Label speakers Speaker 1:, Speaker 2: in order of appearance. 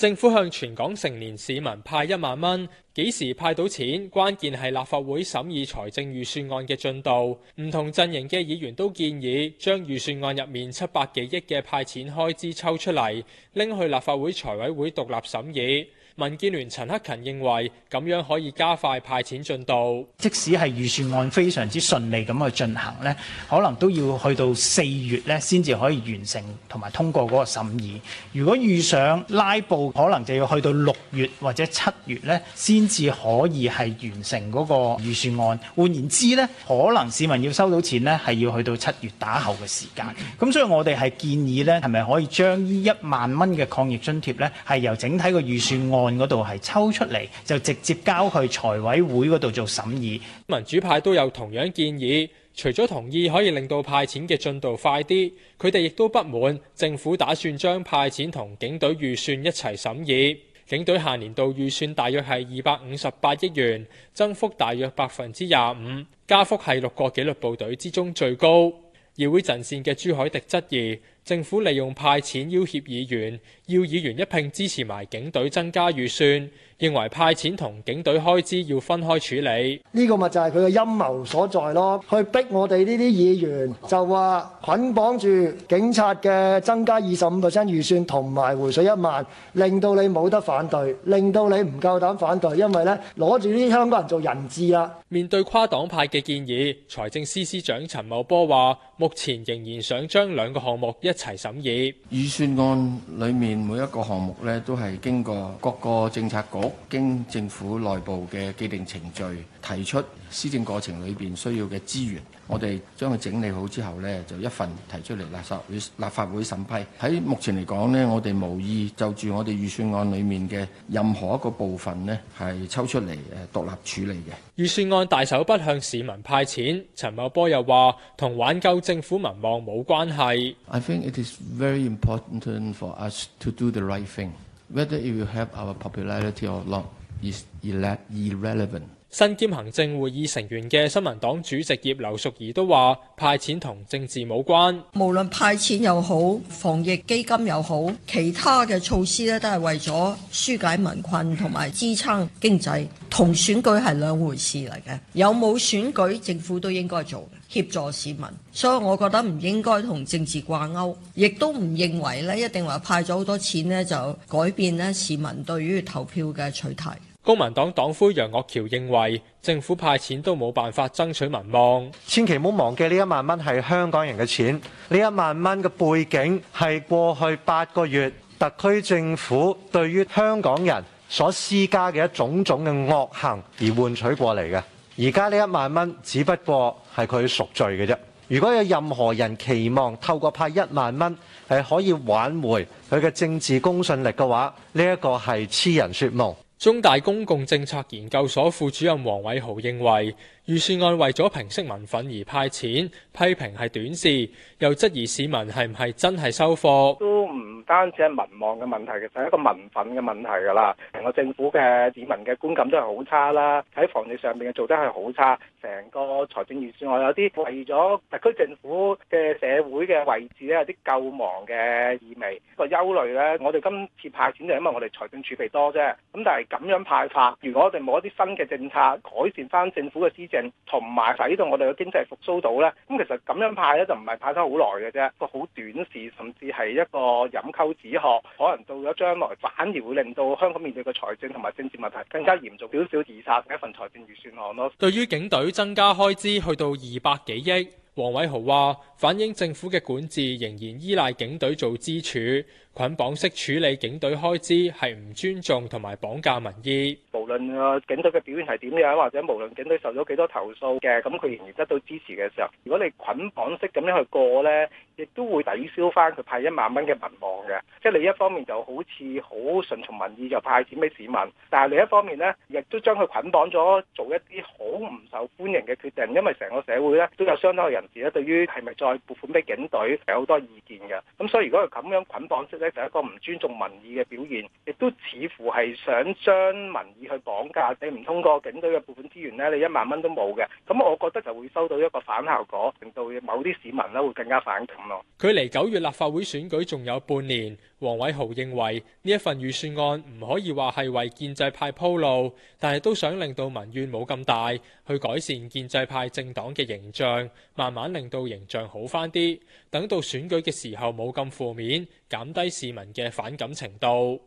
Speaker 1: 政府向全港成年市民派一萬蚊，幾時派到錢？關鍵係立法會審議財政預算案嘅進度。唔同陣營嘅議員都建議將預算案入面七百幾億嘅派錢開支抽出嚟，拎去立法會財委會獨立審議。民建聯陳克勤認為，咁樣可以加快派錢進度。即使係預算案非常之順利咁去進行呢，可能都要去到四月呢先至可以完成同埋通過嗰個審議。如果遇上拉布，可能就要去到六月或者七月呢先至可以係完成嗰個預算案。換言之呢，可能市民要收到錢呢係要去到七月打後嘅時間。咁所以我哋係建議呢，係咪可以將呢一萬蚊嘅抗疫津貼呢，係由整體個預算案。嗰度係抽出嚟就直接交去財委會嗰度做審議。民主派都有同樣建議，除咗同意可以令到派錢嘅進度快啲，佢哋亦都不滿政府打算將派錢同警隊預算一齊審議。警隊下年度預算大約係二百五十八億元，增幅大約百分之廿五，加幅係六個紀律部隊之中最高。議會陣線嘅朱凱廸質疑。政府利用派錢要挾議員，要議員一併支持埋警隊增加預算，認為派錢同警隊開支要分開處理。呢個咪就係佢嘅陰謀所在咯，去逼我哋呢啲議員就話捆綁住警察嘅增加二十五%預算同埋回水一萬，令到你冇得反對，令到你唔夠膽反對，因為呢攞住啲香港人做人質啦。面對跨黨派嘅建議，財政司司長陳茂波話：目前仍然想將兩個項目一齊審議
Speaker 2: 預算案裏面每一個項目咧，都係經過各個政策局經政府內部嘅既定程序提出施政過程裏邊需要嘅資源。我哋將佢整理好之後呢，就一份提出嚟立法會，立法會審批。喺目前嚟講呢，我哋無意就住我哋預算案裡面嘅任何一個部分呢，係抽出嚟誒獨立處理嘅。預算
Speaker 1: 案大手筆向市民派錢，陳茂波又話同挽救政府民望冇關係。I think
Speaker 2: it is very important for us to do the right thing, whether it will help our popularity or not. is 新
Speaker 1: 身兼行政會議成員嘅新民黨主席葉劉淑儀都話：派錢同政治冇關，無論派錢又好，防疫基金又好，其他嘅措施咧都係為咗疏解民困同埋支撐經濟，同選舉係兩回事嚟嘅。有冇選舉，政府都應該做協助市民，所以我覺得唔應該同政治掛鈎，亦都唔認為咧一定話派咗好多錢就改變市民對於投票嘅取態。公民黨黨魁楊岳橋認為，政府派錢都冇辦法爭取民望，千祈唔好忘記呢一萬蚊係香港人嘅錢，呢一萬蚊嘅背景係過去八個月特區政府對於香港人所施加嘅一種種嘅惡行而換取過嚟嘅。而家呢一萬蚊只不過係佢贖罪嘅啫。如果有任何人期望透過派一萬蚊係可以挽回佢嘅政治公信力嘅話，呢一個係痴人說夢。中大公共政策研究所副主任王偉豪認為，預算案為咗平息民憤而派錢，批評係短視，又質疑市民係唔係真係收貨。
Speaker 3: 單止係民望嘅問題，其實係一個民憤嘅問題㗎啦。成個政府嘅市民嘅觀感都係好差啦。喺防疫上面嘅做得係好差，成個財政預算案有啲為咗特區政府嘅社會嘅位置咧，有啲救亡嘅意味個憂慮咧。我哋今次派錢就係因為我哋財政儲備多啫。咁但係咁樣派法，如果我哋冇一啲新嘅政策改善翻政府嘅施政，同埋使到我哋嘅經濟復甦到咧，咁其實咁樣派咧就唔係派得好耐嘅啫，一個好短視，甚至係一個飲抽脂，可能到咗將來，反而會令到香港面對嘅財政同埋政治問題更加嚴重少少，自殺嘅一份財政預算案咯。
Speaker 1: 對於警隊增加開支去到二百幾億，黃偉豪話反映政府嘅管治仍然依賴警隊做支柱。捆綁式處理警隊開支係唔尊重同埋綁架民意。
Speaker 3: 無論啊警隊嘅表現係點樣，或者無論警隊受咗幾多投訴嘅，咁佢仍然得到支持嘅時候，如果你捆綁式咁樣去過呢，亦都會抵消翻佢派一萬蚊嘅民望嘅。即係你一方面就好似好順從民意就派錢俾市民，但係另一方面呢，亦都將佢捆綁咗做一啲好唔受歡迎嘅決定，因為成個社會呢，都有相當嘅人士咧，對於係咪再撥款俾警隊有好多意見嘅。咁所以如果佢咁樣捆綁式。呢就一個唔尊重民意嘅表現，亦都似乎係想將民意去綁架。你唔通過警隊嘅部分資源呢，你一萬蚊都冇嘅。咁我覺得就會收到一個反效果，令到某啲市民呢會更加反感咯。
Speaker 1: 距離九月立法會選舉仲有半年，黃偉豪認為呢一份預算案唔可以話係為建制派鋪路，但係都想令到民怨冇咁大，去改善建制派政黨嘅形象，慢慢令到形象好返啲，等到選舉嘅時候冇咁負面，減低。市民嘅反感程度。